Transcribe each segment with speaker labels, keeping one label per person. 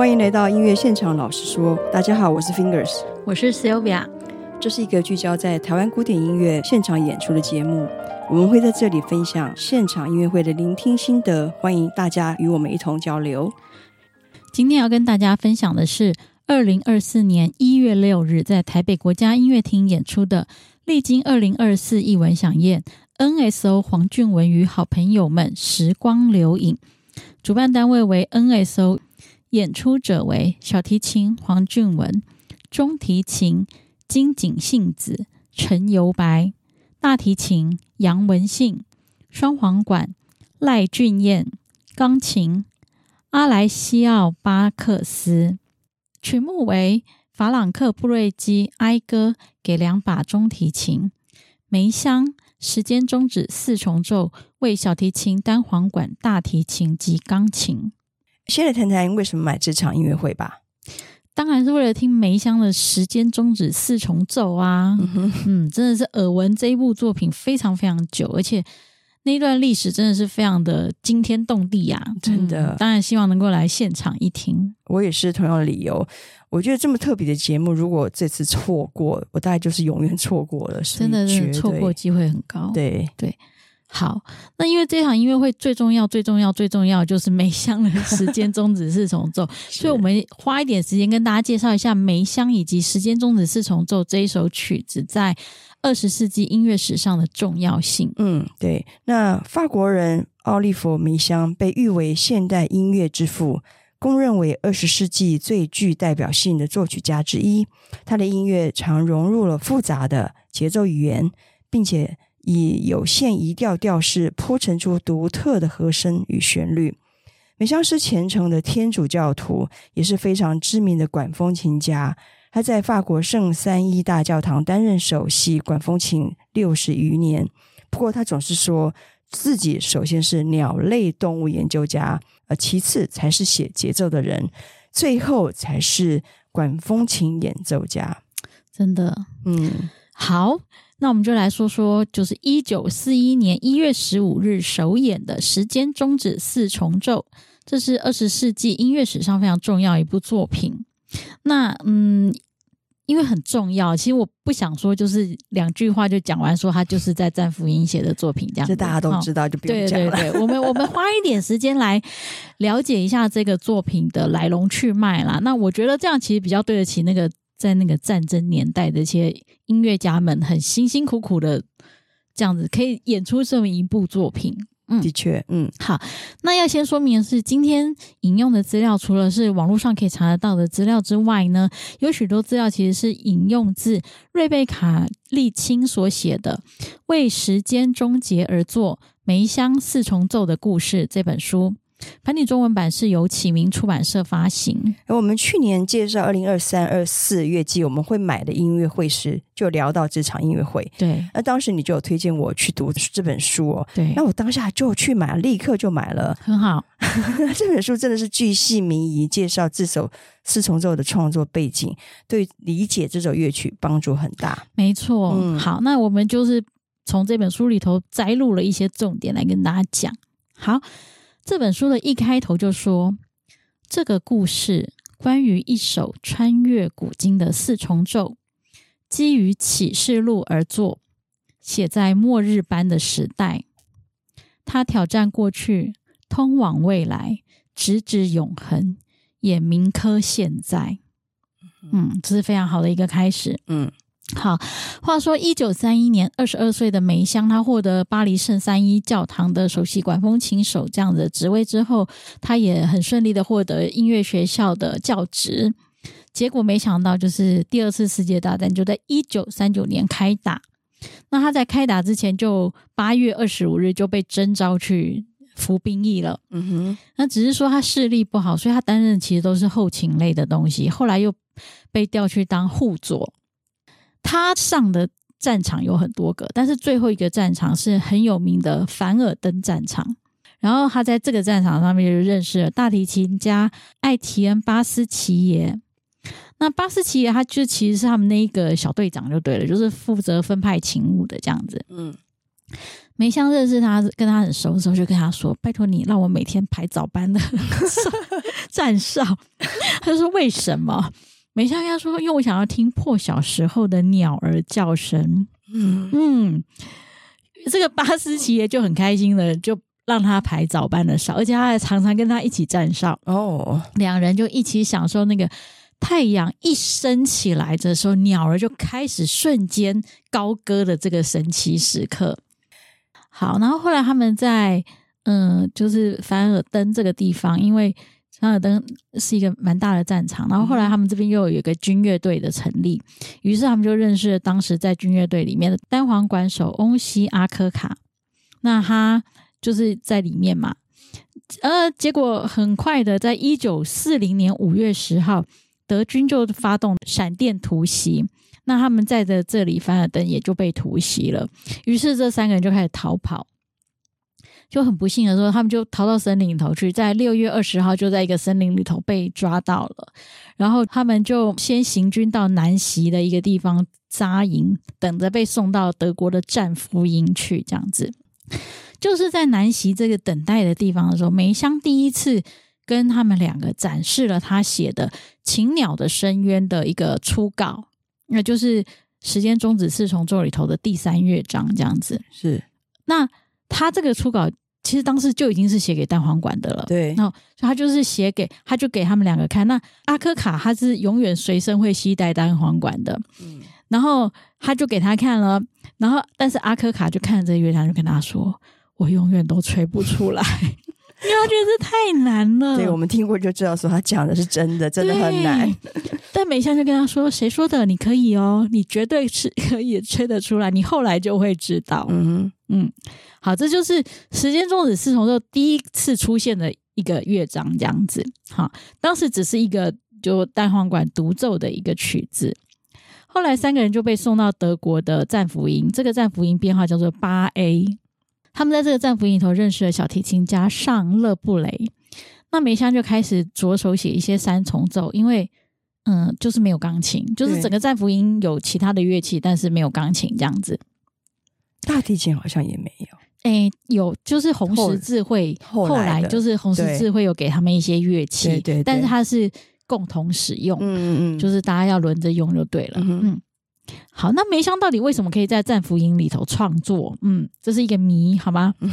Speaker 1: 歡迎來到音樂現場，老實說，大家好，我是 Fingers，我是 Sylvia，這是一個聚焦在台灣古典音樂現場演出的節目，我們會在這裡分享現場音樂會的聆聽心得，歡迎大家與我們一同交流。
Speaker 2: 今天要跟大家分享的是二零二四年一月六日在台北國家音樂廳演出的《力晶二零二四藝文饗宴》，NSO 黃俊文與好朋友們時光流影，主辦單位為 NSO。演出者為小提琴黃俊文、中提琴今井信子、陳尤白、大提琴楊文信、雙簧管賴俊彥、鋼琴阿萊西奧巴克斯。曲目為法朗克布瑞基《哀歌》，給兩把中提琴、梅湘時間終止四重奏，為小提琴、單簧管、大提琴及鋼琴。先來談談
Speaker 1: 為什麼買這場音樂會吧？
Speaker 2: 當然是為了聽梅湘的《時間終止四重奏》啊！嗯，嗯真的是耳聞這一部作品非常非常久，而且那一段歷史真的是非常的驚天動地啊。真的、嗯，當然希望能夠來現
Speaker 1: 場一聽。我也是同樣的理由，我覺得這麼特別的節目，如果這次錯過，我大概就是永遠錯過了。真的是錯過機會
Speaker 2: 很高，對
Speaker 1: 對。好，
Speaker 2: 那因為這場音樂會最重要、最重要、最重要就是梅湘的時間終止四重奏 是，所以我們花一點時間跟大家介紹一下梅湘，以及《時間終止四重奏》這一首曲子在二十世紀音樂史上的重要性。嗯，
Speaker 1: 對。那法國人奧利弗·梅湘被譽為現代音樂之父，公認為二十世紀最具代表性的作曲家之一。他的音樂常融入了複雜的節奏語言，並且。以有限移調調式鋪陳出獨特的和聲與旋律。梅湘是虔誠的天主教徒，也是非常知名的管風琴家。他在法國聖三一大教堂擔任首席管風琴六十餘年。不過，他總是說自己首先是鳥類動物研究家，呃，其次才是寫節奏的人，最後才是管風琴演奏家。真的，嗯，好。那我們
Speaker 2: 就來說說，就
Speaker 1: 是一九四一年一月
Speaker 2: 十五日首演的《時間終止四重奏》，這是二十世紀音樂史上非常重要一部作品。那嗯，因為很重要，其實我不想說，就是兩句話就講完，說它就是在戰俘營寫的作品這樣。這大家都知道，哦、就不用講了。對對對，我們我們花一點時間來了解一下這個作品的來龍去脈啦。那我覺得這樣其實比較對得起那個。在那個戰爭年代的一些音樂家們，很辛辛苦苦的這樣子，可以演出這麼一部作品嗯。嗯，的確，嗯，好。那要先說明的是，今天引用的資料，除了是網絡上可以查得到的資料之外呢，有許多資料其實是引用自瑞貝卡利青所寫的《為時間終結而作：梅湘四重奏的故事》這本書。繁體中文版是由啟明出版
Speaker 1: 社發行。我們去年介紹二零二三二四樂季我們會買的音樂會時，就聊到這場音樂會。對，那當時你就有推薦我去讀這本書哦。對，那我當下就去買，立刻就買了。很好， 這本書真的是巨細靡遺介紹這首四重奏的創作背景，對理解這首樂曲幫助很大。
Speaker 2: 沒錯、嗯，好，那我們就是從這本書裡頭摘錄了一些重點來跟大家講。好。這本書的一開頭就說：“這個故事關於一首穿越古今的四重奏，基於啟示錄而作，寫在末日般的時代。他挑戰過去，通往未來，直指永恆，也銘刻現在。嗯，這是非常好的一個開始。嗯。”好，話說一九三一年，二十二歲的梅湘，他獲得巴黎聖三一教堂的首席管風琴手這樣子的職位之後，他也很順利的獲得音樂學校的教職。結果沒想到，就是第二次世界大戰就在一九三九年開打。那他在開打之前，就八月二十五日就被徵召去服兵役
Speaker 1: 了。
Speaker 2: 嗯哼，那只是說他視力不好，所以他擔任的其實都是後勤類的東西。後來又被調去當護佐。他上的戰場有很多個，但是最後一個戰場是很有名的凡爾登戰場。然後他在這個戰場上面就認識了大提琴家艾提恩·巴斯奇耶。那巴斯奇耶他就其實是他們那一個小隊長就對了，就是負責分派勤務的這樣子。嗯，梅湘認識他，跟他很熟的時候就跟他說：“拜托你讓我每天排早班的站 戰哨。 ”他就說：“為什麼？”梅湘亞說：“因為我想要聽破曉時候的鳥兒叫聲。”嗯，嗯，這個巴斯奇耶就很開心的，就讓他排早班的哨，而且他還常常跟他一起站哨。哦，兩人就一起享受那個太陽一升起來的時候，鳥兒就開始瞬間高歌的這個神奇時刻。好，然後後來他們在嗯、呃，就是凡爾登這個地方，因為。凡爾登是一個蠻大的戰場，然後後來他們這邊又有一個軍樂隊的成立，於是他們就認識了當時在軍樂隊裡面的單簧管手翁西阿科卡。那他就是在裡面嘛，呃，結果很快的，在一九四零年五月十號，德軍就發動閃電突襲，那他們在的這裡凡爾登也就被突襲了，於是這三個人就開始逃跑。就很不幸的說，他們就逃到森林裡頭去，在六月二十號就在一個森林裡頭被抓到了，然後他們就先行軍到南錫的一個地方扎營，等着被送到德國的戰俘營去。這樣子，就是在南錫這個等待的地方的時候，梅湘第一次跟他們兩個展示了他寫的《禽鳥的深淵》的一個初稿，那就是《時間終結四重奏》裡頭的第三樂章。這樣子是那。他這個初稿其實當時就已經是寫給單簧管的了。對，然後所以他就是寫給他，就給他們兩個看。那阿科卡他是永遠隨身會攜帶單簧管的，嗯，然後他就給他看了。然後，但是阿科卡就看了這個樂章就跟他說：“我
Speaker 1: 永遠都吹不出來， 因為他覺得太難了。 ”對，我們聽過就知道說他講的是真的，真的很難。
Speaker 2: 但梅湘就跟他說：“誰說的？你可以哦，你絕對是可以吹得出來。你後來就會知道。”嗯。嗯，好，這就是《時間終止四重奏》第一次出現的一個樂章，這樣子。好，當時只是一個就單簧管獨奏的一個曲子。後來三個人就被送到德國的戰俘營，這個戰俘營編號叫做八 A。他們在這個戰俘營裡頭認識了小提琴家尚勒布雷，那梅湘就開始着手寫一些三重奏，因為嗯，就是沒有鋼琴，就是整個戰俘營有其他的樂器，但是沒有鋼琴這樣子。大提琴好像也沒有，哎、欸，有，就是紅十字會後來就是紅十字會有給他們一些樂器，對，對，對，對，但是它是共同使用，嗯嗯嗯，就是大家要輪着用就對了，嗯，嗯，好，那梅湘到底為什麼可以在戰俘營裡頭創作？嗯，這是一個謎，好嗎？嗯、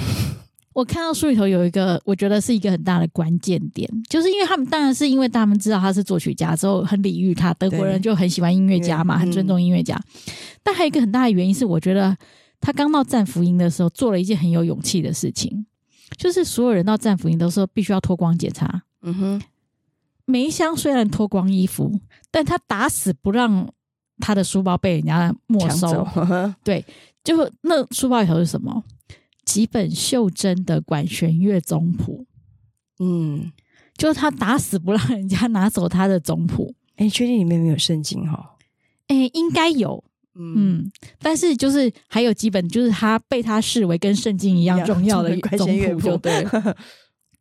Speaker 2: 我看到書裡頭有一個，我覺得是一個很大的關鍵點，就是因為他們當然是因為他們知道他是作曲家之後很禮遇他，德國人就很喜歡音樂家嘛，很尊重音樂家嗯嗯，但還有一個很大的原因是我覺得。他剛到戰俘營的時候，做了一件很有勇氣的事情，就是所有人到戰俘營都說必須要脫光檢查。嗯
Speaker 1: 哼，
Speaker 2: 梅湘雖然脫光衣服，但他打死不讓他的書包被人家沒收。走對，就是那書包裡頭是什麼？幾本袖珍的管弦樂總譜。嗯，就是他打死不讓
Speaker 1: 人家拿走他的總譜。哎、欸，確定裡面沒有聖經哈、
Speaker 2: 哦？哎、欸，應該有。嗯，但是就是還有幾本，就是他被他視為跟聖經一樣重要的總樂譜。對，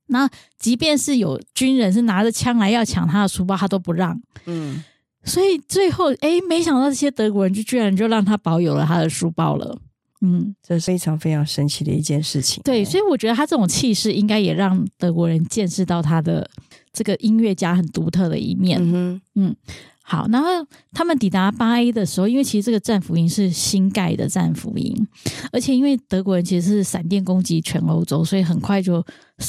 Speaker 2: 那即便是有軍人是拿着槍來要搶他的書包，他都不讓。嗯，所以最後，哎、欸，沒想到這些德國人就
Speaker 1: 居然就讓他保有了他的書包了。嗯，這是非常非常神奇的一件事情。
Speaker 2: 對，所以我覺得他這種氣勢，應該也讓德國人見識到他的這個音樂家很獨特的一面。嗯嗯。好，然後他們抵達巴 A 的時候，因為其實這個戰俘營是新蓋的戰俘營，而且因為德國人其實是閃電攻擊全歐洲，所以很快就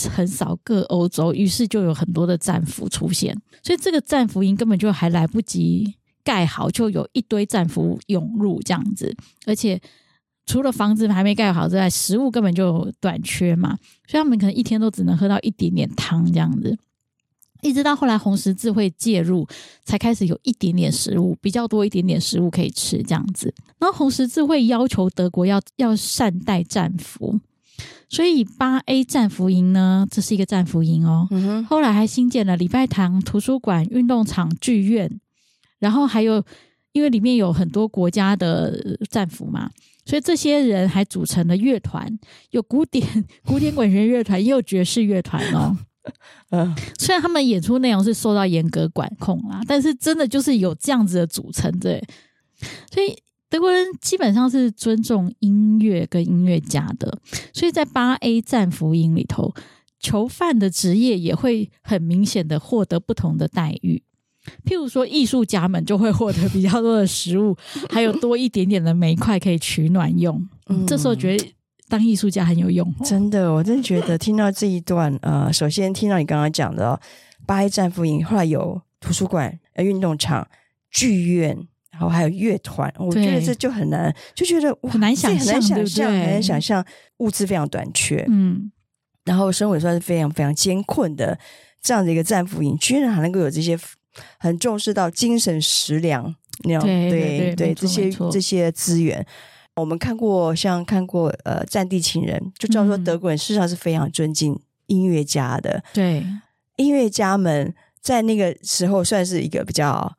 Speaker 2: 很少各歐洲，於是就有很多的戰俘出現。所以這個戰俘營根本就還來不及蓋好，就有一堆戰俘湧入這樣子。而且除了房子還沒蓋好之外，食物根本就短缺嘛，所以他們可能一天都只能喝到一點點湯這樣子。一直到後來紅十字會介入，才開始有一點點食物，比較多一點點食物可以吃這樣子。然後紅十字會要求德國要要善待戰俘，所以八 A 戰俘營呢，這是一個戰俘營哦、嗯。後來還新建了禮拜堂、圖書館、運動場、劇院，然後還有因為裡面有很多國家的戰俘嘛，所以這些人還組成了樂團，有古典古典管弦樂團， 也有爵士樂團哦。嗯，雖然他們演出內容是受到嚴格管控啦，但是真的就是有這樣子的組成，對。所以德國人基本上是尊重音樂跟音樂家的，所以在八 A 戰俘營裡頭，囚犯的職業也會很明顯的獲得不同的待遇。譬如說藝術家們就會獲得比較多的食物， 還有
Speaker 1: 多一點點的煤塊可以取暖用，嗯。這時候覺得。當藝術家很有用，哦、真的，我真覺得聽到這一段，呃，首先聽到你剛剛講的八、哦、一戰俘營，後來有圖書館、運動場、劇院，然後還有樂團，我覺得這就很難，就覺得很難想，很難想象，很難想象，對對難想象物資非常短缺，
Speaker 2: 嗯，
Speaker 1: 然後生活也算是非常非常艱困的，這樣的一個戰俘營，居然還能夠有這些很重視到精神食糧，那樣對對對，對對這些這些資源。我們看過，像看過，呃，《戰地情人》，就叫做德國人事實上是非常尊敬音樂家的。對、嗯，音樂家們在那個時候算是一個比較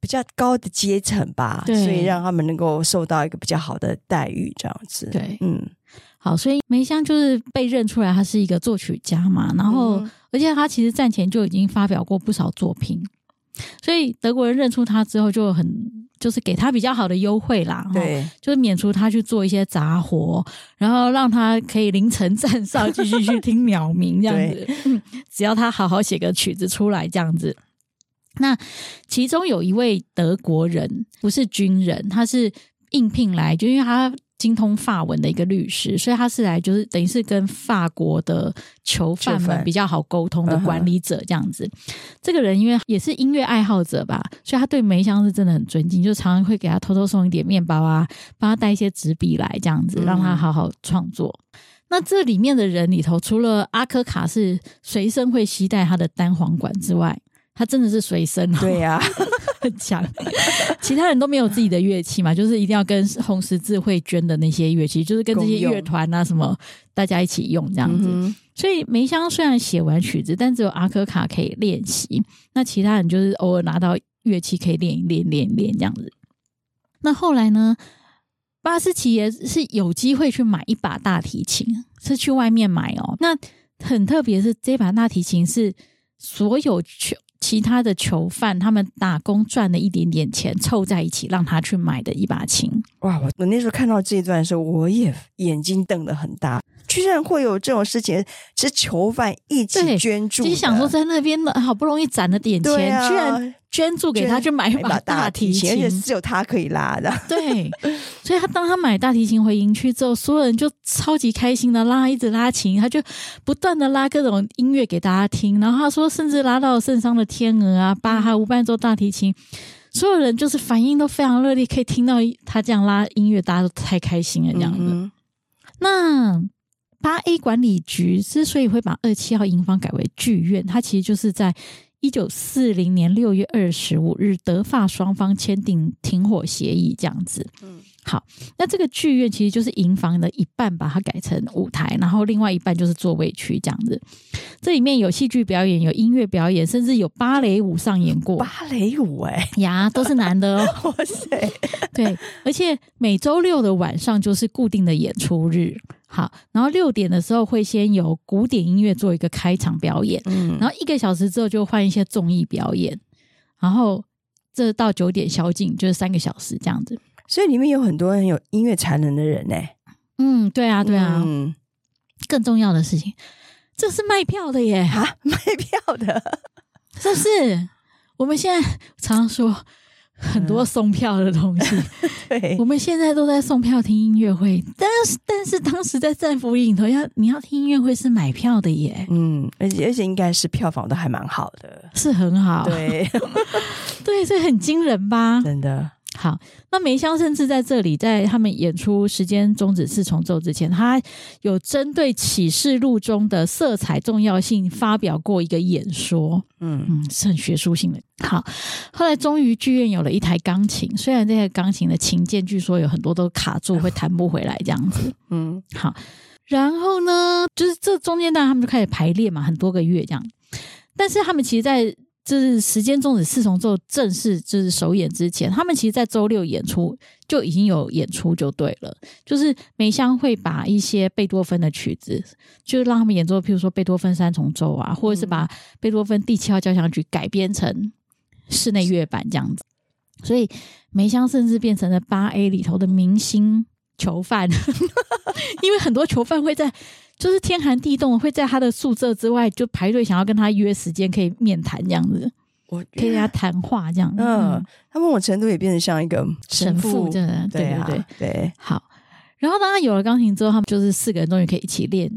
Speaker 1: 比較高的階層吧，所以讓他們能夠受到一個比較好的待遇，這樣子。對，嗯，好，所以梅湘就是
Speaker 2: 被認出來他是一個作曲家嘛，然後、嗯、而且他其實戰前就已經發表過不少作品，所以德國人認出他之後就很。就是給他比較好的優惠啦，對，就是免除他去做一些雜活，然後讓他可以凌晨站哨繼續去聽鳥鳴這樣子、 嗯，只要他好好寫個曲子出來這樣子。那其中有一位德國人，不是軍人，他是應聘來，就是、因為他。精通法文的一個律師，所以他是來就是等於是跟法國的囚犯們比較好溝通的管理者這樣子、嗯。這個人因為也是音樂愛好者吧，所以他對梅湘是真的很尊敬，就常常會給他偷偷送一點麵包啊，幫他帶一些紙筆來這樣子，讓他好好創作。嗯、那這裡面的人裡頭，除了阿科卡是隨身會攜帶他的單簧管之外，他真的是隨身、哦、對呀、啊。 很強，其他人都沒有自己的樂器嘛，就是一定要跟紅十字會捐的那些樂器，就是跟這些樂團啊什麼，大家一起用這樣子。嗯、所以梅湘雖然寫完曲子，但只有阿科卡可以練習，那其他人就是偶爾拿到樂器可以練一練、練一練這樣子。那後來呢，巴斯奇耶是有機會去買一把大提琴，是去外面買哦。那很特別的是，這把大提琴是所有去其他的囚犯他們打工賺了一點點錢，湊在一起讓他去買的一把
Speaker 1: 琴。哇！我我那時候看到這一段的時候，我也眼睛瞪得很大，居然會有這種事情！是囚犯一直捐助，其實想說在那邊的，好不容易攢了點錢，啊、居然
Speaker 2: 捐助給他去買一把大
Speaker 1: 提琴，而且只有他可以拉的。 對，
Speaker 2: 所以他當他買大提琴回營區之後，所有人就超級開心的拉，一直拉琴，他就不斷的拉各種音樂給大家聽。然後他說，甚至拉到聖桑的。天鵝啊，巴哈無伴奏大提琴，嗯，所有人就是反應都非常熱烈，可以聽到他這樣拉音樂，大家都太開心了這樣子。嗯嗯，那八 A 管理局之所以會把二七號營房改為劇院，它其實就是在一九四零年六月二十五日德法雙方簽訂停火協議這樣子。嗯。好，那這個劇院其實就是營房的一半，把它改成舞台，然後另外一半就是座位區這樣子。這裡面有戲劇表演，有音樂表演，甚至有芭蕾舞上演過。芭蕾舞哎、欸、呀，都是男的！哦。哇 塞，對，而且每周六的晚上就是固定的演出日。好，然後六點的時候會先有古典音樂做一個開場表演，嗯，然後一個小時之後就換一些綜藝表演，然後這到九點宵禁，就是三個小時這樣子。
Speaker 1: 所以裡面有很多很有音樂才能的人呢、欸。嗯，對啊，對啊。嗯，更重要的事情，
Speaker 2: 這是賣票的耶啊，賣票的，是不是？我們現在常說很多送票的東西，嗯、 對，我們現在都在送票聽音樂會。但是，但是當時在戰俘營裡頭要你要聽音樂會是買票的耶。嗯，而且而且應該是票房都還蠻好的，是很好，對， 對，所以很驚人吧？真的。好，那梅湘甚至在這裡，在他們演出《時間終結四重奏》之前，他有針對《啟示錄》中的色彩重要性發表過一個演說。嗯嗯，是很學術性的。好，後來終於劇院有了一台鋼琴，雖然這台鋼琴的琴鍵據說有很多都卡住，會彈不回來這樣子。嗯，好，然後呢，就是這中間，段他們就開始排練嘛，很多個月這樣。但是他們其實，在就是時間終止四重奏正式就是首演之前，他們其實，在周六演出就已經有演出就對了。就是梅湘會把一些貝多芬的曲子，就讓他們演奏，譬如說貝多芬三重奏啊，或者是把貝多芬第七號交響曲改編成室內樂版這樣子。所以梅湘甚至變成了八 A 裡頭的明星囚犯， 因為很多囚犯會在。就是天寒地凍，會在他的宿舍之外就排隊，想要跟他約時間可以面談這樣子，
Speaker 1: 我可以跟他談話這樣子嗯。嗯，他問我程度也變得像一個神父真的，對對對、啊、
Speaker 2: 對。好，
Speaker 1: 然後當他
Speaker 2: 有了鋼琴之後，他們就是四個人終於可以一起練。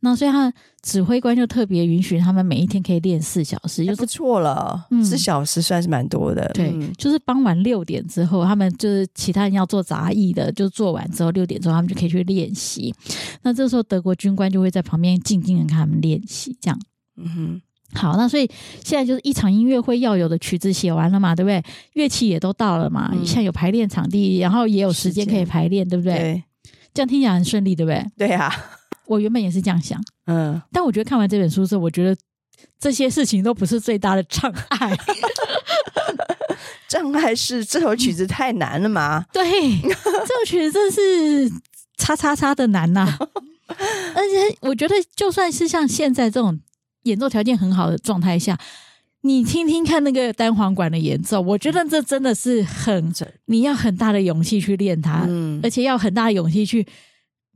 Speaker 2: 那所以，他指揮官就特別允許他們每一天可以練四小時，就是，不錯了。嗯，四小時算是蠻多的。對、嗯，就是傍晚六點之後，他們就是其他人要做雜役的，就做完之後六點之後，他們就可以去練習。那這時候德國軍官就會在旁邊靜靜的看他們練習，這樣。嗯
Speaker 1: 哼。
Speaker 2: 好，那所以現在就是一場音樂會要有的曲子寫完了嘛，對不對？樂器也都到了嘛，一、嗯、下有排練場地，然後也有時間可以排練，對不對？對。這樣聽起來很順利，對不對？對呀、啊。我原本也是這樣想，嗯，但我覺得看完這本書之後，我覺得這些事情都不是最大的障礙。
Speaker 1: 障礙是這首曲子太難了嘛？ 對，這首曲子真的是叉叉叉的難吶、啊！而且我覺
Speaker 2: 得，就算是像現在這種演奏條件很好的狀態下，你聽聽看那個單簧管的演奏，我覺得這真的是很，你要很大的勇氣去練它，嗯，而且要很大的勇氣去。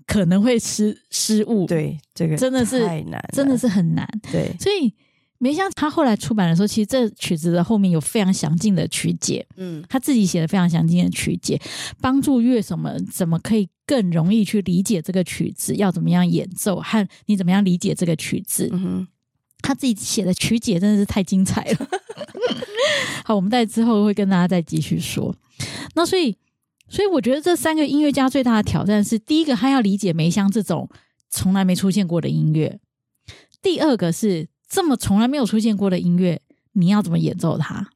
Speaker 2: 可能會失失誤，對，這個真的是太難，真的是很難。對，所以梅湘他後來出版的時候，其實這曲子的後面有非常詳盡的曲解，嗯，他自己寫的非常詳盡的曲解，幫助樂手們怎麼可以更容易去理解這個曲子，要怎麼樣演奏和你怎麼樣理解這個曲子，嗯，他自己寫的曲解真的是太精彩了。 好，我們在之後會跟大家再繼續說。那所以。所以我覺得這三個音樂家最大的挑戰是：第一個，他要理解梅湘這種從來沒出現過的音樂；第二個
Speaker 1: 是這
Speaker 2: 麼從來沒有出現過的音樂，你要怎麼演
Speaker 1: 奏它？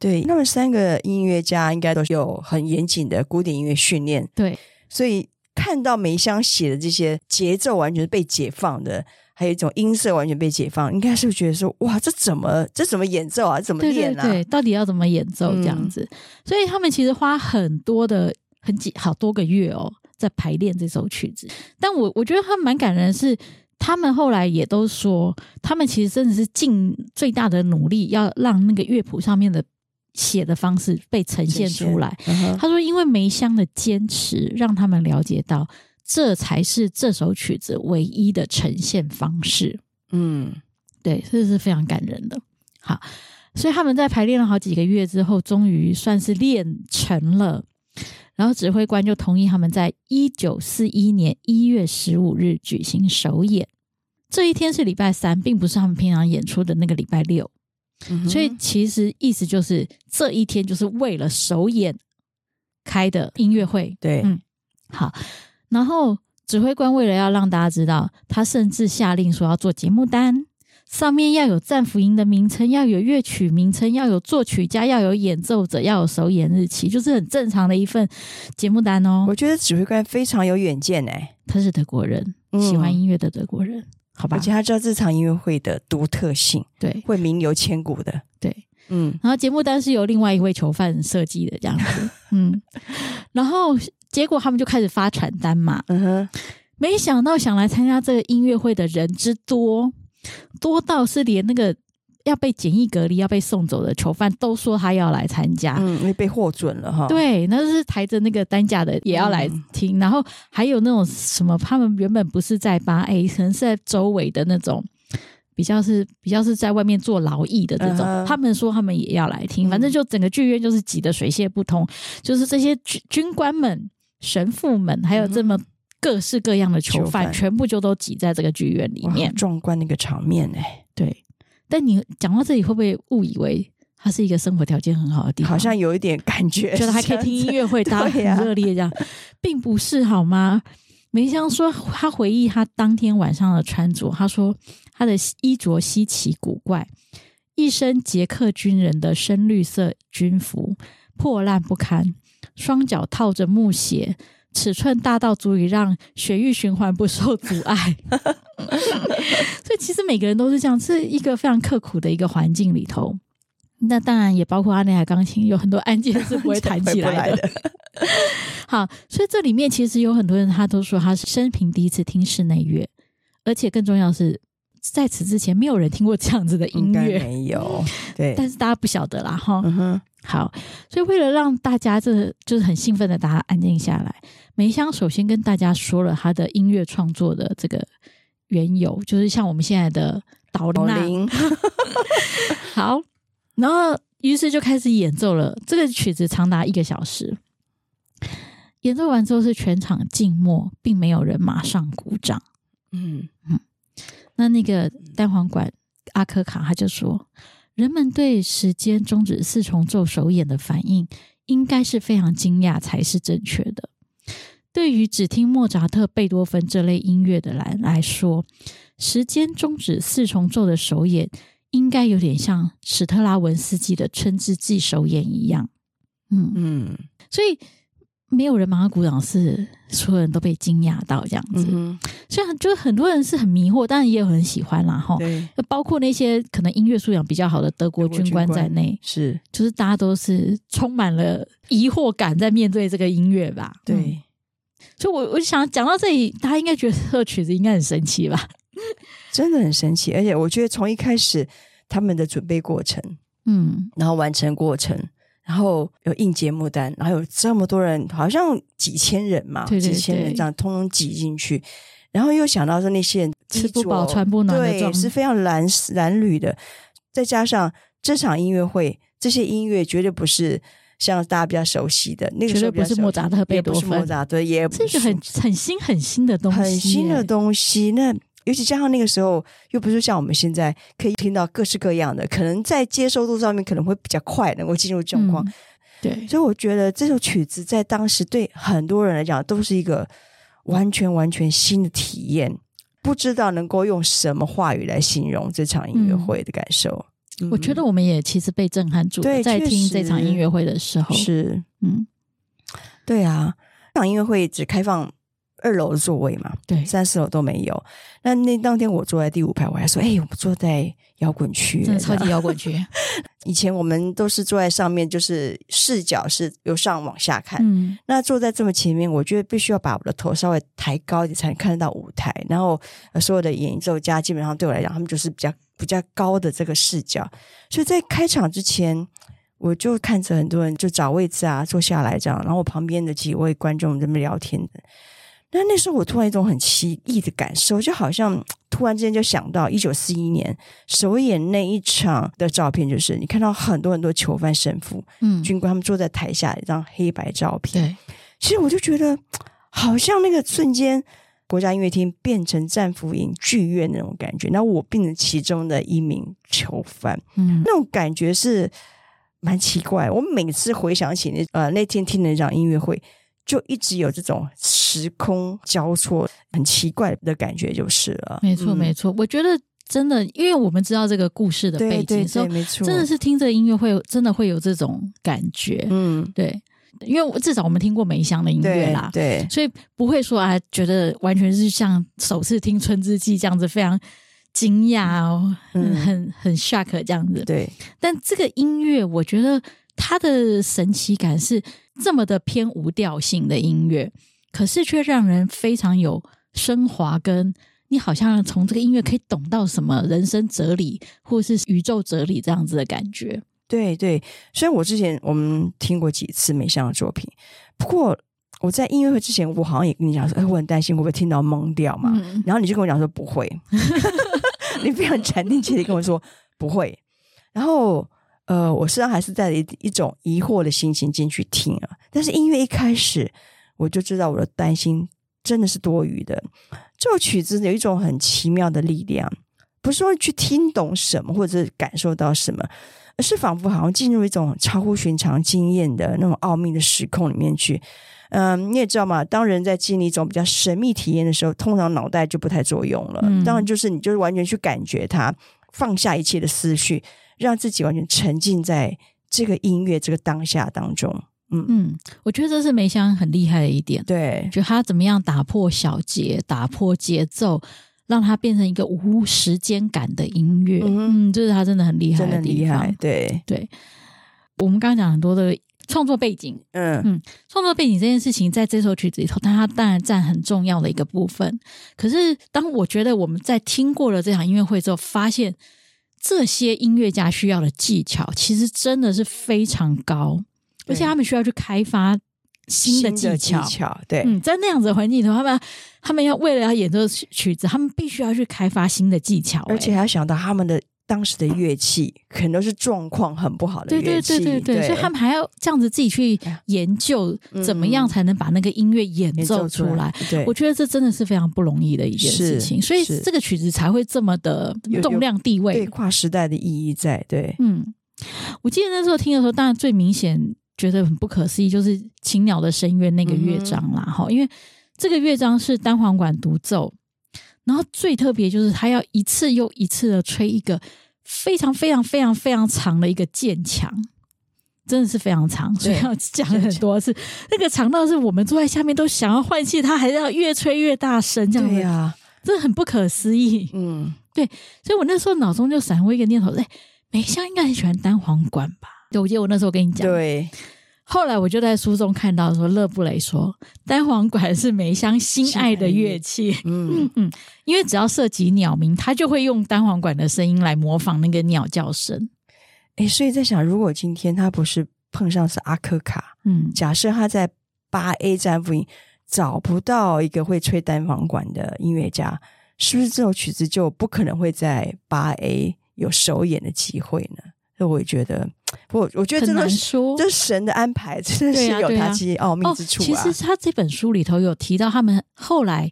Speaker 1: 對，那麼三個音樂家應該都有很嚴謹的古典音樂訓練。對，所以看到梅湘寫的這些節奏，完全是被解放的。還有一種音色完全被解放，你應該是，是覺得說哇，這怎麼這怎麼演奏啊？這怎麼練啊？對對對，到
Speaker 2: 底要怎麼演奏這樣子？嗯、所以他們其實花很多的很幾好多個月哦，在排練這首曲子。但我我覺得他蠻感人的是，是他們後來也都說，他們其實真的是盡最大的努力，要讓那個樂譜上面的寫的方式被呈現出來。嗯、他說，因為梅湘的堅持，讓他們了解到。這才是這首曲子唯一的呈現方式。嗯，對，這是非常感人的。好，所以他們在排練了好幾個月之後，終於算是練成了。然後指揮官就同意他們在一九四一年一月十五日舉行首演。這一天是禮拜三，並不是他們平常演出的那個禮拜六。嗯，所以其實意思就是，這一天就是為了首演開的音樂會。對，嗯，好。然後，指揮官為了要讓大家知道，他甚至下令說要做節目單，上面要有戰俘營的名稱，要有樂曲名稱，要有作曲家，要有演奏者，要有首演日期，就是很正常的一份節目
Speaker 1: 單哦。我覺得指揮官非常有遠見哎、欸，
Speaker 2: 他是德國人、嗯，喜歡音樂的德國人，
Speaker 1: 好吧？而且他知道這場音樂會的獨特性，對，會名流千古的。對，
Speaker 2: 嗯。然後節目單是由另外一位囚犯設計的，這樣子，
Speaker 1: 嗯。
Speaker 2: 然後。結果他們就開始發傳單嘛，uh -huh. 沒想到想來參加這個音樂會的人之多，多到是連那個要被檢疫隔離、要被送走的囚犯都說他要來參加，因為被獲准了哈。對，那就是抬着那個擔架的也要來聽，uh -huh. 然後還有那種什麼，他們原本不是在八 A，可能，是在周圍的那種比較是比較是在外面做勞役的這種，uh -huh. 他們說他們也要來聽，反正就整個劇院就是擠得水泄不通，uh -huh. 就，就，是不通就是這些軍官們。神父們還有這麼各式各樣的囚犯，嗯、全部就都擠在這個劇
Speaker 1: 院裡面，壯觀的一個場面哎、欸。對，但
Speaker 2: 你講到這裡，會不會誤以為它是一個生活條件很好的地方？好像有一點感覺，覺得還可以聽音樂會，大家很熱烈這樣、啊，並不是好嗎？梅湘說，她回憶她當天晚上的穿着，她說她的衣着稀奇古怪，一身捷克軍人的深綠色軍服，破爛不堪。雙腳套着木鞋，尺寸大到足以讓血液循環不受阻礙。 所以其實每個人都是這樣，是一個非常刻苦的一個環境裡頭。那當然也包括阿內海鋼琴，有很多按鍵是不會彈起來的。 會拍的 好，所以這裡面其實有很多人，他都說他是生平第一次聽室內樂，而且更重要是在此之前沒有人聽過這樣子的音樂。沒有，對，但是大家不曉得啦。哈。嗯好，所以為了讓大家這個、就是很興奮的，大家安靜下來。梅湘首先跟大家說了他的音樂創作的這個緣由，就是像我們現在的導聆啊。 好，然後於是就開始演奏了。這個曲子長達一個小時，演奏完之後是全場靜默，並沒有人馬上鼓掌。嗯嗯，那那個單簧管阿科卡他就說。人們對《時間終止四重奏》首演的反應，應該是非常驚訝才是正確的。對於只聽莫扎特、貝多芬這類音樂的人來,來說，《時間終止四重奏》的首演應該有點像史特拉文斯基的《春之祭》首演一樣。嗯嗯，所以。沒有人馬上鼓掌，是所有人都被驚訝到這樣子。嗯、雖然就是很多人是很迷惑，但也有很喜歡啦，然後包括那些可能音樂素養比較好的德國軍官在內，是就是大家都是充滿了疑惑感在面對這個音樂吧。
Speaker 1: 對，所、嗯、以我我就想講到這裡，大家應該覺得這個曲子應該很神奇吧？ 真的很神奇，而且我覺得從一開始他們的準備過程，嗯，然後完成過程。然後有印節目單，然後有這麼多人，好像幾千人嘛，對對對，幾千人這樣通通擠進去，然後又想到說那些人吃不飽穿不暖，對，是非常襤襤褸的。再加上這場音樂會，這些音樂絕對不是像大家比較熟悉的，那個時候不是莫札特、貝多芬，也不是莫扎特，也不是一個很很新很新的東西，欸，很新的東西那。尤其加上那個時候，又不是像我們現在可以聽到各式各樣的，可能在接受度上面可能會比較快，能夠進入狀況。嗯，對，所以我覺得這首曲子在當時對很多人來講都是一個完全完全新的體驗，不知道能夠用什麼話語來形容這場音樂會的感受。嗯，嗯，我覺得我們也其實被震撼住了，對，在聽這場音樂會的時候。是，嗯，對啊，這場音樂會只開放，二樓的座位嘛，對，三四樓都沒有。那那當天我坐在第五排，我還說，哎，我們坐在搖滾區，超級搖滾區。 以前我們都是坐在上面，就是視角是由上往下看。嗯，那坐在這麼前面，我覺得必須要把我的頭稍微抬高一點，才能看得到舞台。然後所有的演奏家基本上對我來講，他們就是比較比較高的這個視角。所以在開場之前，我就看着很多人就找位置啊，坐下來這樣。然後我旁邊的幾位觀眾在那邊聊天。那那時候我突然一種很奇異的感受，就好像突然之間就想到一九四一年首演那一場的照片，就是你看到很多很多囚犯、神父、嗯，軍官他們坐在台下一張黑白照片。對，其實我就覺得好像那個瞬間，國家音樂廳變成戰俘營劇院那種感覺。那我變成其中的一名囚犯，嗯，那種感覺是蠻奇怪。我每次回想起那呃那天聽的那場音樂會。就一直有這種時空交錯、很奇怪的感覺，就是了。沒錯、嗯，沒錯。我覺得真
Speaker 2: 的，因為我們知道這個故
Speaker 1: 事的背景，對對對，所以沒錯，真的是
Speaker 2: 聽着音樂會有真的會有這種感覺。嗯，對，因為我至少我們聽過梅湘的音樂啦對，對，所以不會說啊，覺得完全是像首次聽《春之祭》這樣子非常驚訝哦，嗯、很很 shock 這樣子。對，但這個音樂，我覺得。它的神奇感是這麼的偏無調性的音樂，可是卻讓人非常有升華，跟你好像從這
Speaker 1: 個音樂可以懂到什麼人生哲理，或是宇宙哲理這樣子的感覺。對對，雖然我之前我們聽過幾次梅湘的作品，不過我在音樂會之前，我好像也跟你講說，哎，我很擔心我不會聽到懵掉嘛、嗯。然後你就跟我講說不會， 你非常斬釘截鐵跟我說不會，然後。呃，我身上還是帶着一,一種疑惑的心情進去聽啊，但是音樂一開始，我就知道我的擔心真的是多餘的。這首、個、曲子有一種很奇妙的力量，不是說去聽懂什麼或者是感受到什麼，而是仿佛好像進入一種超乎尋常經驗的那種奧秘的時空裡面去。嗯，你也知道嘛，當人在經歷一種比較神秘體驗的時候，通常腦袋就不太作用了。嗯、當然，就是你就是完全去感覺它，放下一切的思緒。讓自己完全沉浸在這個音樂、這個當下當中。嗯嗯，我覺得這是梅
Speaker 2: 湘很厲害的一點。對，就他怎麼樣打破小節、打破節奏，讓它變成一個無時間感的音樂。嗯，這、嗯就是他真的很厲害的地方。真的很厲害，對對，我們剛剛講很多的創作背景。嗯嗯，創作背景這件事情，在這首曲子裡頭，但它當然佔很重要的一個部分。可是，當我覺得我們在聽過了這場音樂會之後，發現。這些音樂家需要的技巧，其實真的是非常高，而且他們需要去開發新的技巧。技巧，
Speaker 1: 對，嗯，在那樣子的環境中，他們他們要為了要演奏曲子，他們必須要去開發新的技巧，欸，而且還要想到他們的。當時的樂器可能都是狀況很不好的樂器，對對對對對，對，所以他們
Speaker 2: 還要這樣子自己去研究怎麼樣才能把那個音樂演奏出來。嗯、出來對，我覺得這真的是非常不容易的一件事情，所以這個曲子才會這麼的動量地位、對跨時代的意義在。對，嗯，我記得那時候聽的時候，當然最明顯覺得很不可思議就是《青鳥》的深淵那個樂章啦，哈、嗯，因為這個樂章是單簧管獨奏。然後最特別就是他要一次又一次的吹一個非常非常非常非常長的一個漸強，真的是非常長，所以要講很多次。那個長到是我們坐在下面都想要換氣，他還要越吹越大聲，這樣子，啊，真的很不可思議。嗯，對，所以我那時候腦中就閃過一個念頭，誒，梅湘應該很喜歡單簧管吧？對對，我記得我那時候跟你講，對。後來我就在書中看到說，勒布雷說單簧管是梅湘心愛的樂器。嗯嗯，嗯，因為只要涉及鳥鳴，他就會用單簧管的聲音來模仿那個鳥叫聲。哎，所以在想，如
Speaker 1: 果今天他不是碰上是阿科卡，嗯，假設他在八 A 戰俘營找不到一個會吹單簧管的音樂家，是不是這首曲子就不可能會在八 A 有首演的機會呢？那我覺得。不，我覺得真的，很難說，這是神的安排，真的是有他其奧秘、啊啊哦、之處、啊哦。其實他這
Speaker 2: 本書裡頭有提到，他們後來，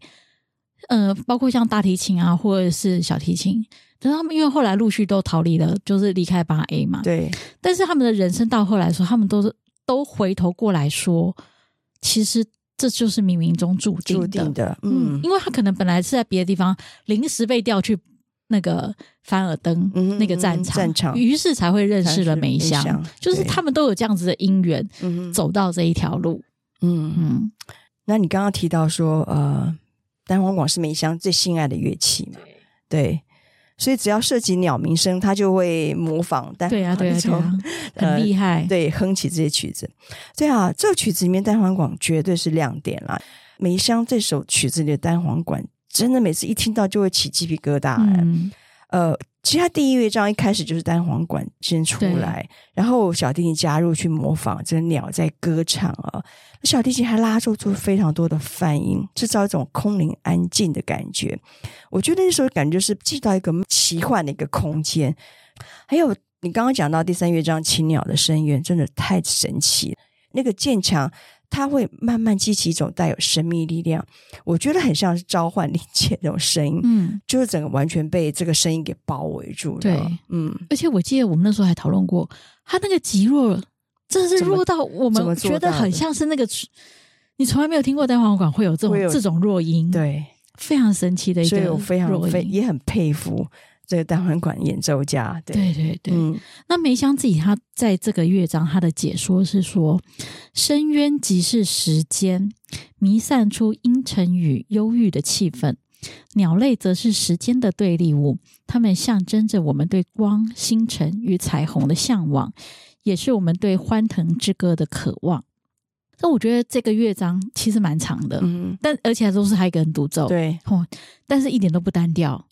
Speaker 2: 呃，包括像大提琴啊，或者是小提琴，等他們因為後來陸續都逃離了，就是離開八 A 嘛。對。但是他們的人生到後來說，他們都是都回頭過來說，其實這就是冥冥中注、注、的注定的嗯。嗯，因為他可能本來是在別的地方，臨時被調去。那個凡爾登，那個戰場，於是才會認識了梅湘，梅湘。
Speaker 1: 就是他們都有這樣子的姻緣，走到這一條路，嗯嗯。嗯嗯。那你剛剛提到說，呃，單簧管是梅湘最心愛的樂器嘛？對。所以只要涉及鳥鳴聲，他就會模仿。單對啊，對，啊對，啊對啊、 呃、很厲害。對，哼起這些曲子。對啊，這個、曲子裡面單簧管絕對是亮點啦。梅湘這首曲子裡單簧管。真的每次一聽到就會起雞皮疙瘩、嗯。呃，其實它第一樂章一開始就是單簧管先出來，然後小提琴加入去模仿這鳥在歌唱啊。小提琴還拉奏出非常多的泛音，製造一種空靈安靜的感覺。我覺得那時候感覺是進到一個奇幻的一個空間。還有你剛剛講到第三樂章《青鳥的深淵》，真的太神奇了。那個漸強。他會慢慢激起一種帶有神秘力量，我覺得很像是召喚靈界那種聲音，嗯，就是整個完全被這個聲音給包圍住了，對，嗯。而且我記得我們那時候還討論
Speaker 2: 過，他那個極弱，真的是弱到我們覺得很像是那個，你從來沒有聽過單簧管會有這種有這種弱音，對，非常神奇的一個弱音。所以我非常，也很佩服，這個、單簧管演奏家，對對對，對、嗯。那梅湘自己他在這個樂章，他的解說是說：深淵即是時間，彌散出陰沉與憂鬱的氣氛；鳥類則是時間的對立物，它們象徵着我們對光、星辰與彩虹的嚮往，也是我們對歡騰之歌的渴望。那我覺得這個樂章其實蠻長的，嗯，但而且都是他一個人獨奏，對、嗯，但是一點都不單調。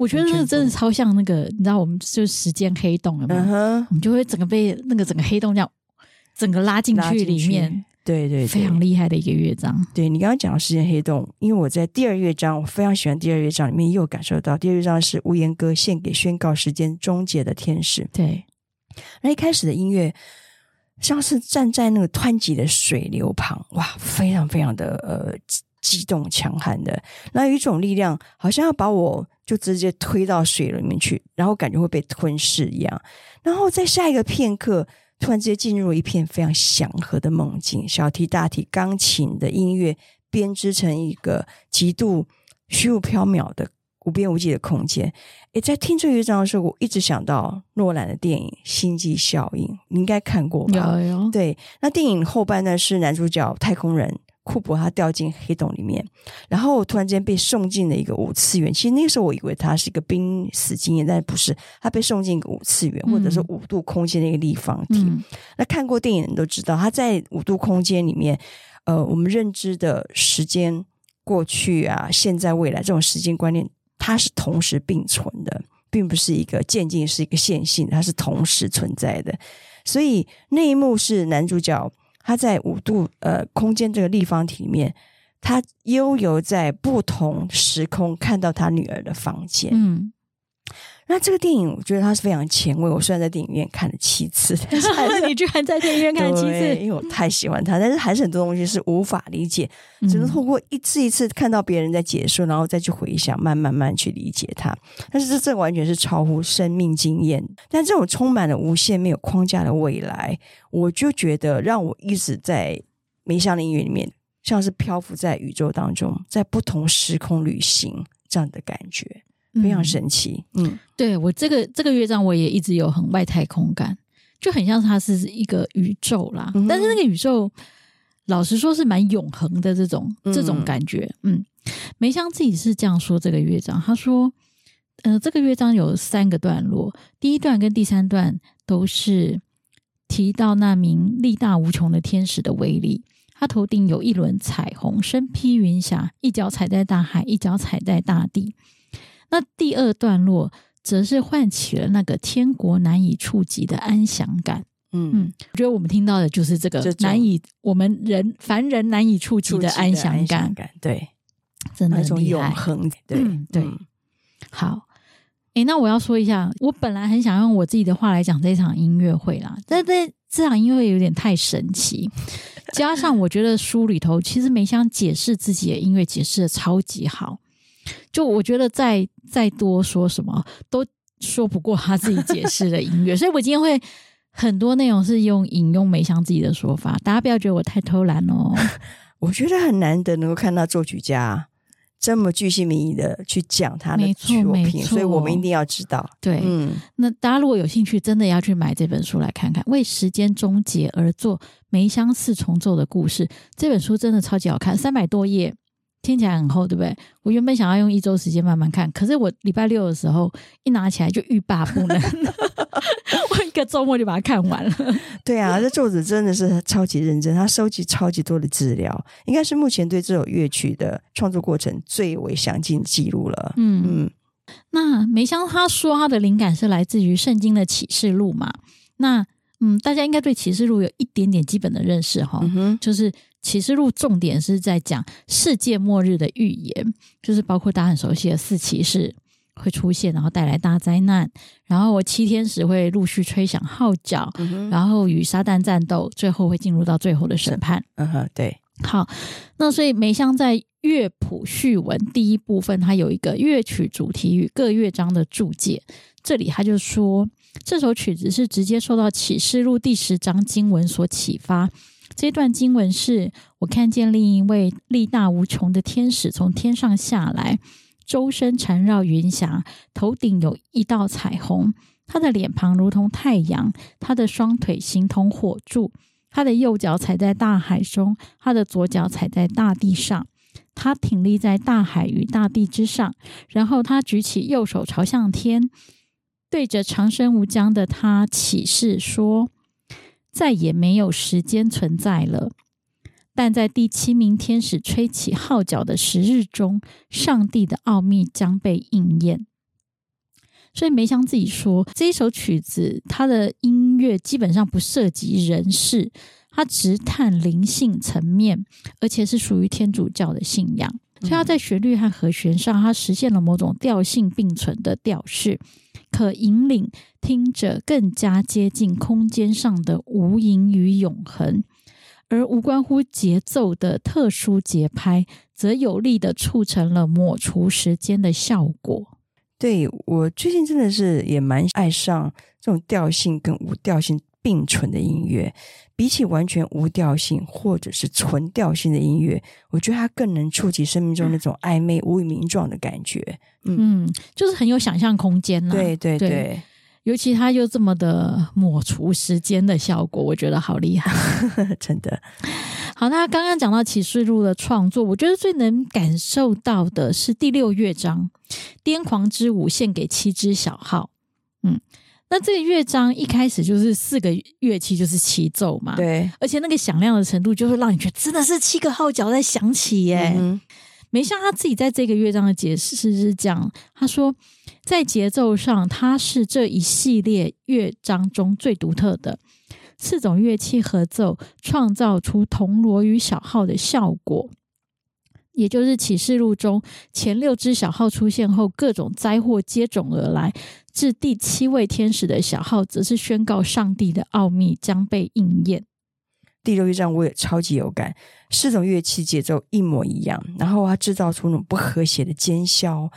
Speaker 2: 我覺得那真的超像那個，你知道，我們就是時間黑洞了嘛、嗯？我們就會整個被那個整個黑洞這樣整個拉進去裡面
Speaker 1: 去，對，對對，非常厲害的一個樂章。對，你剛剛講的時間黑洞，因為我在第二樂章，我非常喜歡第二樂章裡面又有感受到，第二樂章是《無言歌》，獻給宣告時間終結的天使。對，那一開始的音樂像是站在那個湍急的水流旁，哇，非常非常的呃。激動、強悍的，那有一種力量，好像要把我就直接推到水裡面去，然後感覺會被吞噬一樣。然後在下一個片刻，突然之間進入了一片非常祥和的夢境，小提、大提、鋼琴的音樂編織成一個極度虛無縹緲的無邊無際的空間。欸，在聽這一章的時候，我一直想到諾蘭的電影《星際效應》，你應該看過吧？啊、對，那電影後半段是男主角太空人。庫珀他掉進黑洞裡面，然後我突然間被送進了一個五次元。其實那個時候我以為他是一個瀕死經驗，但是不是他被送進一個五次元，或者是五度空間的一個立方體、嗯。那看過電影人都知道，他在五度空間裡面，呃，我們認知的時間過去啊、現在、未來這種時間觀念，它是同時並存的，並不是一個漸進，是一個線性，它是同時存在的。所以那一幕是男主角。他在五度呃空間這個立方體裡面，他悠游在不同時空，看到他女兒的房間。嗯。那這個電影，我覺得它是非常前衛。我雖然在電影院看了七次，但是還
Speaker 2: 是 你居然在電影院看了七次，因為我
Speaker 1: 太喜歡它。但是還是很多東西是無法理解，嗯、只能透過一次一次看到別人在解說，然後再去回想，慢慢慢，慢去理解它。但是這這完全是超乎生命經驗。但這種充滿了無限沒有框架的未來，我就覺得讓我一直在梅湘的音樂裡面，像是漂浮在宇宙當中，在不同時空旅行這樣的感覺。非常神奇，嗯，
Speaker 2: 對，我這個這個樂章，我也一直有很外太空感，就很像是它是一個宇宙啦，嗯。但是那個宇宙，老實說是蠻永恆的這種這種感覺。嗯，嗯、梅湘自己是這樣說這個樂章，他說，呃，這個樂章有三個段落，第一段跟第三段都是提到那名力大無窮的天使的威力，他頭頂有一輪彩虹，身披雲霞，一腳踩在大海，一腳踩在大地。那第二段落，則是喚起了那個天國難以觸及的安詳感。嗯，嗯，我覺得我們聽到的就是這個就這難以我們人凡人難以觸及的安詳感。詳感
Speaker 1: 對，真的很厲害。種永恆。對、嗯、對、嗯。好，
Speaker 2: 誒、欸，那我要說一下，我本來很想用我自己的話來講這場音樂會啦，但這這場音樂會有點太神奇，加上我覺得書裡頭 其實梅湘解釋自己的音樂解釋得超級好。就我覺得再再多說什麼都說不過他自己解釋的音樂， 所以我今天會很多內
Speaker 1: 容是用引用梅湘自己的說法，大家不要覺得我太偷懶哦。 我覺得很難得能夠看到作曲家這麼鉅細靡遺的去講他的作品，所以我們一定要知道。對，
Speaker 2: 嗯、那大家如果有興趣，真的要去買這本書來看看，《為時間終結而作：梅湘四重奏的故事》這本書真的超級好看，三百多頁。聽起來很厚，對不對？我原本想要用一周時間慢慢看，可是我禮拜六的時候一拿起來就欲罷不能， 我一個周末就把它看完了。
Speaker 1: 對啊，這作者真的是超級認真，他收集超級多的資料，應該是目前對這首樂曲的創作過程最為詳盡記錄了。嗯嗯，
Speaker 2: 那梅湘他說他的靈感是來自於聖經的啟示錄嘛？那嗯，大家應該對啟示錄有一點點基本的認識哈、嗯，就是。《啟示錄》重點是在講世界末日的預言，就是包括大家很熟悉的四騎士會出現，然後帶來大災難，然後七天使會陸續吹響號角，嗯、然後與撒旦戰鬥，最後會進入到最後的審判。嗯哼，對。好，那所以梅湘在樂譜序文第一部分，他有一個樂曲主題與各樂章的注解，這裡他就說這首曲子是直接受到《啟示錄》第十章經文所啟發。這段經文是我看見另一位力大無窮的天使從天上下來，周身纏繞雲霞，頭頂有一道彩虹。他的臉龐如同太陽，他的雙腿形同火柱，他的右腳踩在大海中，他的左腳踩在大地上。他挺立在大海與大地之上，然後他舉起右手朝向天，對着長生無疆的他起誓說。再也沒有時間存在了，但在第七名天使吹起號角的時日中，上帝的奧秘將被應驗。所以梅湘自己說，這一首曲子，它的音樂基本上不涉及人事，它只探靈性層面，而且是屬於天主教的信仰、嗯。所以它在旋律和和弦上，它實現了某種調性並存的調式。可引領聽者更加接近空間上的無垠與永恆，而無關乎節奏的特殊節
Speaker 1: 拍，則有力的促成了抹除時間的效果。對，我最近真的是也蠻愛上這種調性跟無調性並存的音樂。比起完全無調性或者是純調性的音樂，我覺得它更能觸及生命中那種曖昧無以名狀的感覺。
Speaker 2: 嗯，就是很有想象空間吶、啊。對對對，
Speaker 1: 對尤其它又這麼的抹除時間的
Speaker 2: 效果，我覺得好厲害， 真的。好，那剛剛講到《啟示錄》的創作，我覺得最能感受到的是第六樂章《癲狂之舞》，獻給七隻小號。嗯。那這個樂章一開始就是四個樂器就是齊奏嘛，對，而且那個響亮的程度，就會讓你覺得真的是七個號角在響起耶。梅、嗯、湘他自己在這個樂章的解釋是講，他說在節奏上，它是這一系列樂章中最獨特的，四種樂器合奏，創造出銅鑼與小號的效果。也就是啟示錄中前六隻小號出現後，各種災禍接踵而來；至第七位天使的小號，則是宣告上帝的奧秘
Speaker 1: 將被應驗。第六樂章我也超級有感，四種樂器節奏一模一樣，然後它製造出那種不和諧的尖嘯、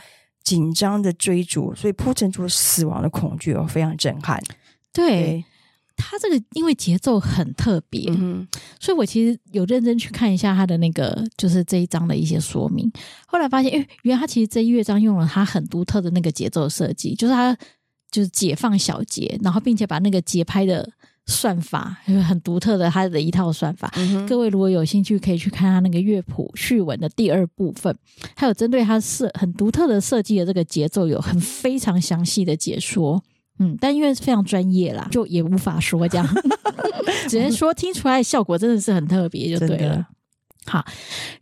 Speaker 1: 緊張的追逐，所以鋪陳出死亡的恐懼，我非常震撼。對。對他這個
Speaker 2: 因為節奏很特別，嗯，所以我其實有認真去看一下他的那個就是這一章的一些說明。後來發現，因為原來他其實這一樂章用了他很獨特的那個節奏設計，就是他就是解放小節，然後並且把那個節拍的算法、就是、很獨特的他的一套算法、嗯。各位如果有興趣，可以去看他那個樂譜序文的第二部分，還有針對他是很獨特的設計的這個節奏有很非常詳細的解說。嗯，但因為非常專業啦，就也無法說這樣， 只能說聽出來效果真的是很特別，就對了，了。好，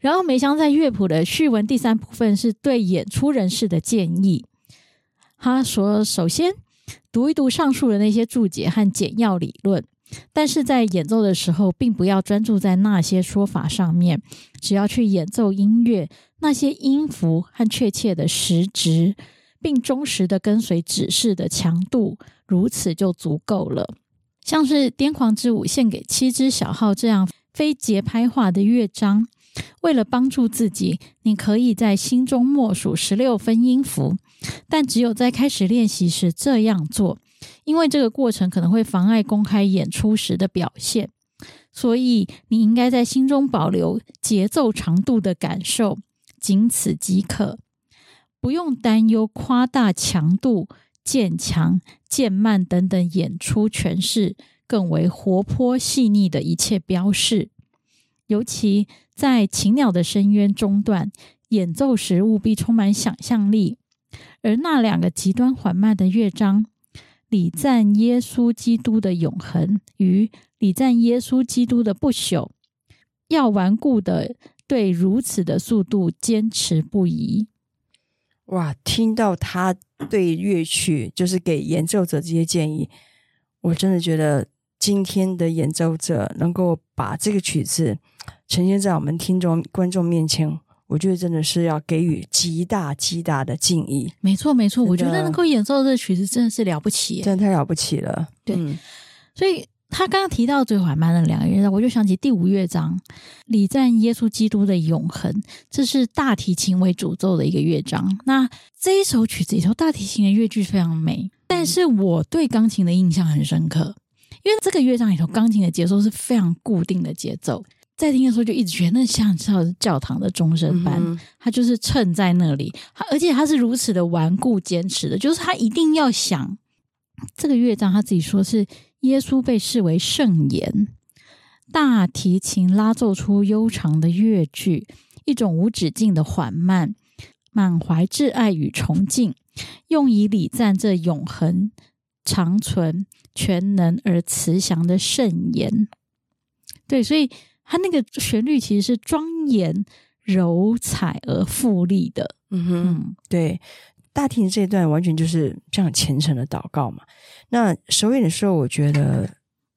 Speaker 2: 然後梅湘在樂譜的序文第三部分是對演出人士的建議，他說：首先讀一讀上述的那些注解和簡要理論，但是在演奏的時候，並不要專注在那些說法上面，只要去演奏音樂那些音符和確切的時值並忠實的跟隨指示的強度，如此就足夠了。像是《癲狂之舞》獻給七隻小號這樣非節拍化的樂章，為了幫助自己，你可以在心中默數十六分音符。但只有在開始練習時這樣做，因為這個過程可能會妨礙公開演出時的表現。所以你應該在心中保留節奏長度的感受，僅此即可。不用擔憂誇大強度、漸強、漸慢等等演出詮釋，更為活潑細膩的一切標示。尤其在《禽鳥的深淵》中段演奏時，務必充滿想象力。而那兩個極端緩慢的樂章——禮讚耶穌基督的永恆與禮讚耶穌基督的不朽，要頑固的對如此的速度堅持不移。
Speaker 1: 哇，聽到他對樂曲就是給演奏者這些建議，我真的覺得今天的演奏者能夠把這個曲子呈現在我們聽眾觀眾面前，我覺得真的是要給予極大極大的敬意。沒錯，沒錯，我覺得能夠
Speaker 2: 演奏這曲子真的是了不起，真的
Speaker 1: 太了不起了。對，嗯，所以。
Speaker 2: 他剛剛提到最緩慢的兩個樂章，我就想起第五樂章禮讚耶穌基督的永恆，這是大提琴為主奏的一個樂章。那這一首曲子裡頭，大提琴的樂句非常美，但是我對鋼琴的印象很深刻，因為這個樂章裡頭，鋼琴的節奏是非常固定的節奏，在聽的時候就一直覺得那像是教堂的鐘聲般，它、嗯、就是襯在那裡，而且它是如此的頑固堅持的，就是他一定要想這個樂章，他自己說是。耶穌被視為聖言，大提琴拉奏出悠長的樂句，一種無止境的緩慢，滿懷摯愛與崇敬，用以禮讚這永恆、長存、全能而慈祥的聖言。對，所以它那個旋律其實是莊嚴、
Speaker 1: 柔彩而富麗的。嗯哼，嗯對。大提這一段完全就是這樣虔誠的禱告嘛。那首演的時候，我覺得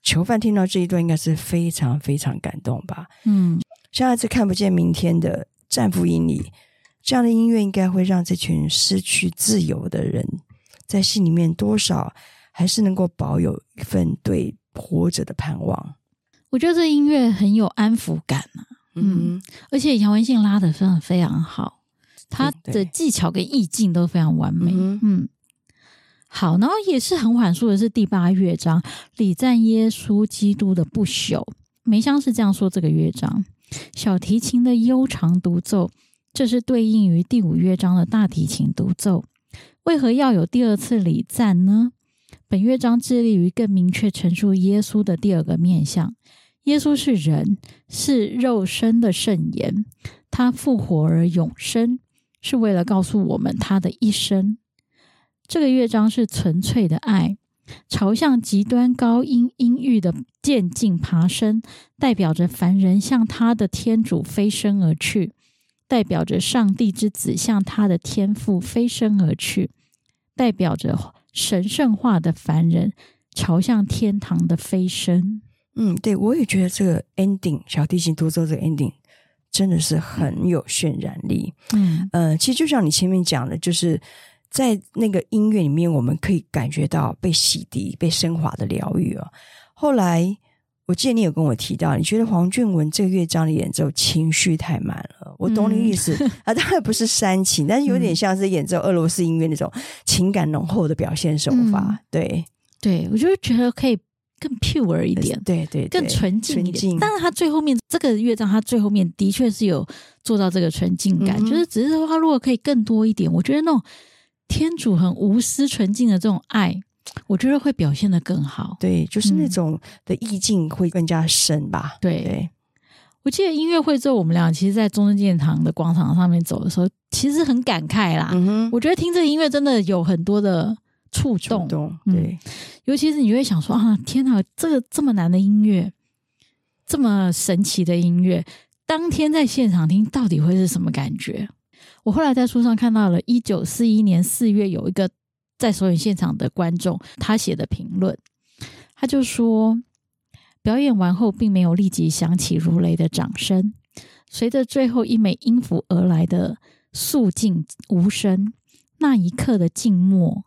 Speaker 1: 囚犯聽到這一段應該是非常非常感動吧。嗯，像是看不見明天的戰俘營裡，這樣的音樂應該會讓這群失去自由的人，在心裡面多少還是能夠保有一份對活着的盼望。
Speaker 2: 我覺得這音樂很有安撫感吶、啊嗯。嗯，而且楊文信拉的非常非常好。他的技巧跟意境都非常完美。嗯，嗯，好，然後也是很緩速的是第八樂章禮讚耶穌基督的不朽。梅湘是這樣說這個樂章：小提琴的悠長獨奏，這是對應於第五樂章的大提琴獨奏。為何要有第二次禮讚呢？本樂章致力於更明確陳述耶穌的第二個面向：耶穌是人，是肉身的聖言，他復活而永生。是為了告訴我們他的一生。這個樂章是純粹的愛，朝向極端高音音域的漸進爬升，代表着凡人向他的天主飛升而去，代表着上帝之子向他的天父飛升而去，代
Speaker 1: 表着神聖化的
Speaker 2: 凡人朝向天堂的飛升。
Speaker 1: 嗯，對，我也覺得這個 ending 小提琴獨奏這個 ending。真的是很有渲染力，嗯，呃，其實就像你前面講的，就是在那個音樂裡面，我們可以感覺到被洗滌、被昇華的療癒哦、啊，後來我記得你有跟我提到，你覺得黃俊文這個樂章的演奏情緒太滿了。我懂你意思、嗯、啊，當然不是煽情， 但是有點像是演奏俄羅斯音樂那種情感濃厚的表現手法。嗯、對，對我就是覺得可以。更 pure 一點，對對，更純淨一點，對對對。
Speaker 2: 但是他最後面這個樂章，他最後面的確是有做到這個純淨感，嗯、就是只是說，他如果可以更多一點，我覺得那種天主很無私、純淨的這種愛，我覺得會表現得更好。對，就是那種的意境會更加深吧。嗯、對，對，我記得音樂會之後，我們倆其實，在中正紀念堂的廣場上面走的時候，其實很感慨啦。嗯、我覺得聽這個音樂真的有很多的。觸動，觸動，對。嗯，尤其是你會想說啊，天哪，這個這麼難的音樂，這麼神奇的音樂，當天在現場聽到底會是什麼感覺？我後來在書上看到了一九四一年四月有一個在首演現場的觀眾，他寫的評論，他就說，表演完後並沒有立即響起如雷的掌聲，隨着最後一枚音符而來的肅靜無聲，那一刻的靜默，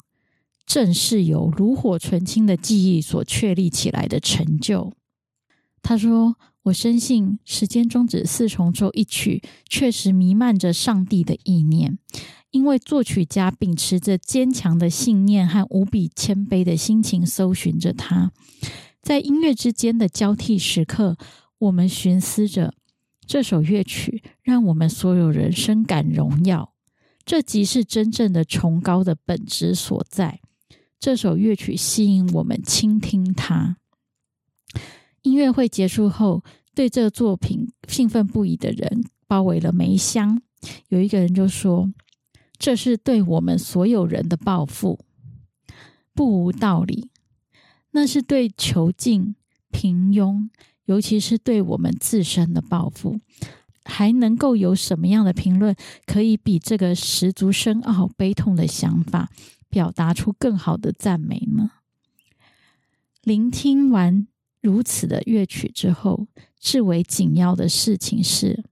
Speaker 2: 正是由爐火純青的技藝所確立起來的成就。他說：“我深信《時間終止四重奏》一曲確實瀰漫着上帝的意念，因為作曲家秉持着堅強的信念和無比謙卑的心情搜尋着他。在音樂之間的交替時刻，我們尋思着這首樂曲讓我們所有人深感榮耀，這即是真正的崇高的本質所在。”這首樂曲吸引我們傾聽它。音樂會結束後，對這作品興奮不已的人包圍了梅湘。有一個人就說：“這是對我們所有人的報復，不無道理。那是對囚禁、平庸，尤其是對我們自身的報復。還能夠有什麼樣的評論，可以比這個十足深奧、悲痛的想法？”表達出更好的讚美嗎？聆聽完如此的樂曲之後，至為緊要的事情是，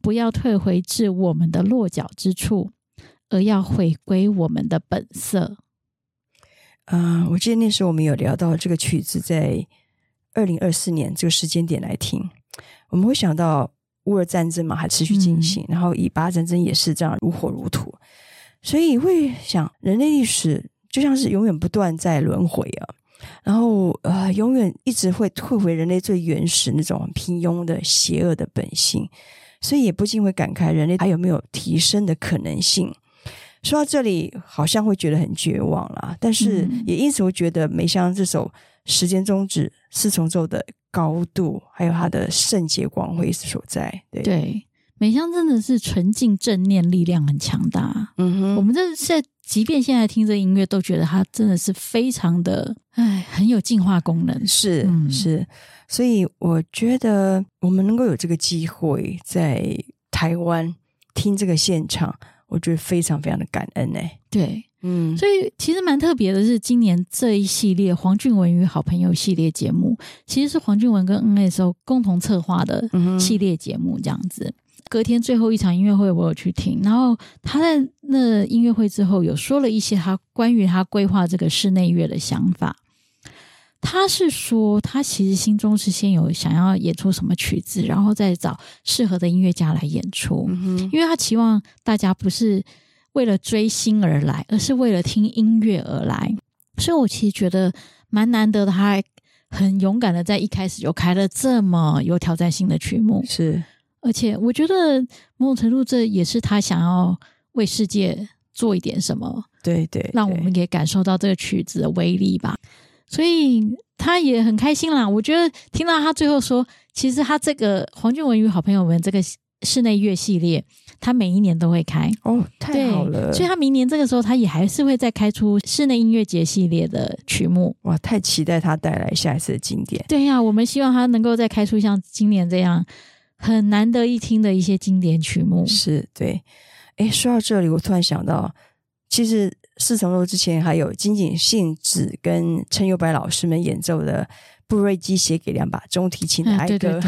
Speaker 2: 不要退回
Speaker 1: 至我們的落腳之處，而要回歸我們的本色。嗯、呃，我記得那時候我們有聊到這個曲子，在二零二四年這個時間點來聽，我們會想到烏俄戰爭嘛還持續進行、嗯，然後以巴戰爭也是這樣如火如荼。所以會想，人類歷史就像是永遠不斷在輪回啊，然後呃，永遠一直會退回人類最原始那種平庸的、邪惡的本性，所以也不禁會感慨，人類還有沒有提升的可能性？說到這裡，好像會覺得很絕望啦，但是也因此會覺得梅湘這首《時間終結四重奏》的高度，還有它的聖潔光輝所在，對。對
Speaker 2: 梅湘真的是純淨正念力量很強大，嗯哼、嗯，我們這現在即便現在聽這個音樂都
Speaker 1: 覺得它真的是非常的哎很有淨化功能，是、嗯、是，所以我覺得我們能夠有這個機會在台灣聽這個現場，我覺得非常非常的感恩呢、欸，
Speaker 2: 對，嗯，所以其實蠻特別的是，今年這一系列黃俊文與好朋友系列節目，其實是黃俊文跟 NSO 共同策劃的系列節目，這樣子。嗯嗯隔天最後一場音樂會，我有去聽。然後他在那音樂會之後，有說了一些他關於他規劃這個室內樂的想法。他是說，他其實心中是先有想要演出什麼曲子，然後再找適合的音樂家來演出、嗯哼。因為他期望大家不是為了追星而來，而是為了聽音樂而來。所以我其實覺得蠻難得的，他很勇敢的在一開始就開了這麼有挑戰性的曲目。是。而且我覺得某種程度這也是他想要為世界做一點什麼，對對，對，讓我們也感受到這個曲子的威力吧。對對對，所以他也很開心啦。我覺得聽到他最後說，其實他這個黃俊文與好朋友們這個室內樂系列，他每一年都會開。哦，太好了。所以他明年這個時候，他也還是會再開出室
Speaker 1: 內音樂節系列的曲目。哇，太期待他帶來下一次的經典。
Speaker 2: 對呀、啊，我們希望他能夠再開出像今年這樣很難得一聽的一些經典曲目，是
Speaker 1: 對。哎、欸，說到這裡，我突然想到，其實四重奏之前還有金井幸子跟陳友白老師們演奏的布瑞基寫給兩把中提琴的哀歌，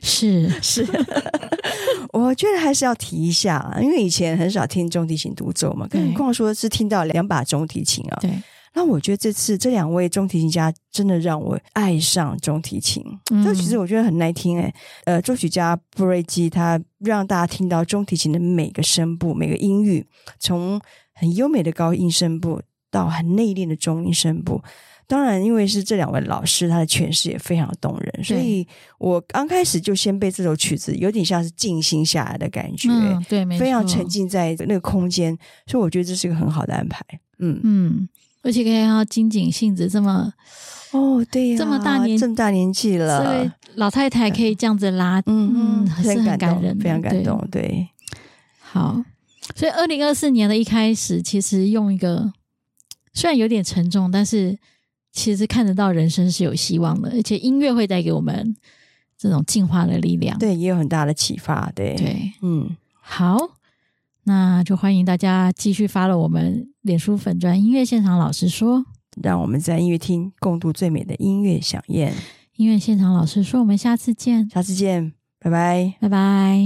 Speaker 1: 是、嗯、 是，是 我覺得還是要提一下，因為以前很少聽中提琴獨奏嘛，更何況說是聽到兩把中提琴啊。對對。那我覺得這次這兩位中提琴家真的讓我愛上中提琴。這、嗯、其實我覺得很耐聽哎。呃，作曲家布瑞基他讓大家聽到中提琴的每個聲部、每個音域，從很優美的高音聲部到很內斂的中音聲部。當然，因為是這兩位老師，他的詮釋也非常的動人。所以我剛開始就先被這首曲子，有點像是靜心下來的感覺、嗯。對，非常沉浸在那個空間，所以我覺得這是一個很好的安排。嗯
Speaker 2: 嗯。而且可以哈，金井性子這麼哦，oh, 對呀、啊，這麼大年這麼大年
Speaker 1: 紀了，
Speaker 2: 老太太可以這樣子拉，嗯，嗯非常感動，嗯是很感人非常感動，對。
Speaker 1: 對好，
Speaker 2: 所以二零二四年的一開始，其實用一個雖然有點沉重，但是其實是看得到人生是有希望的，而且音樂會帶給我們這種進化的力量，對，也有很大的啟發，對，對，嗯，好。那就歡迎大家繼續 follow 我們臉書粉專
Speaker 1: 音樂現場老實說：“讓我們在音樂廳共度最美的音樂饗宴。”
Speaker 2: 音樂現場老實說：“我們下次見，下次見，
Speaker 1: 拜拜，拜拜。”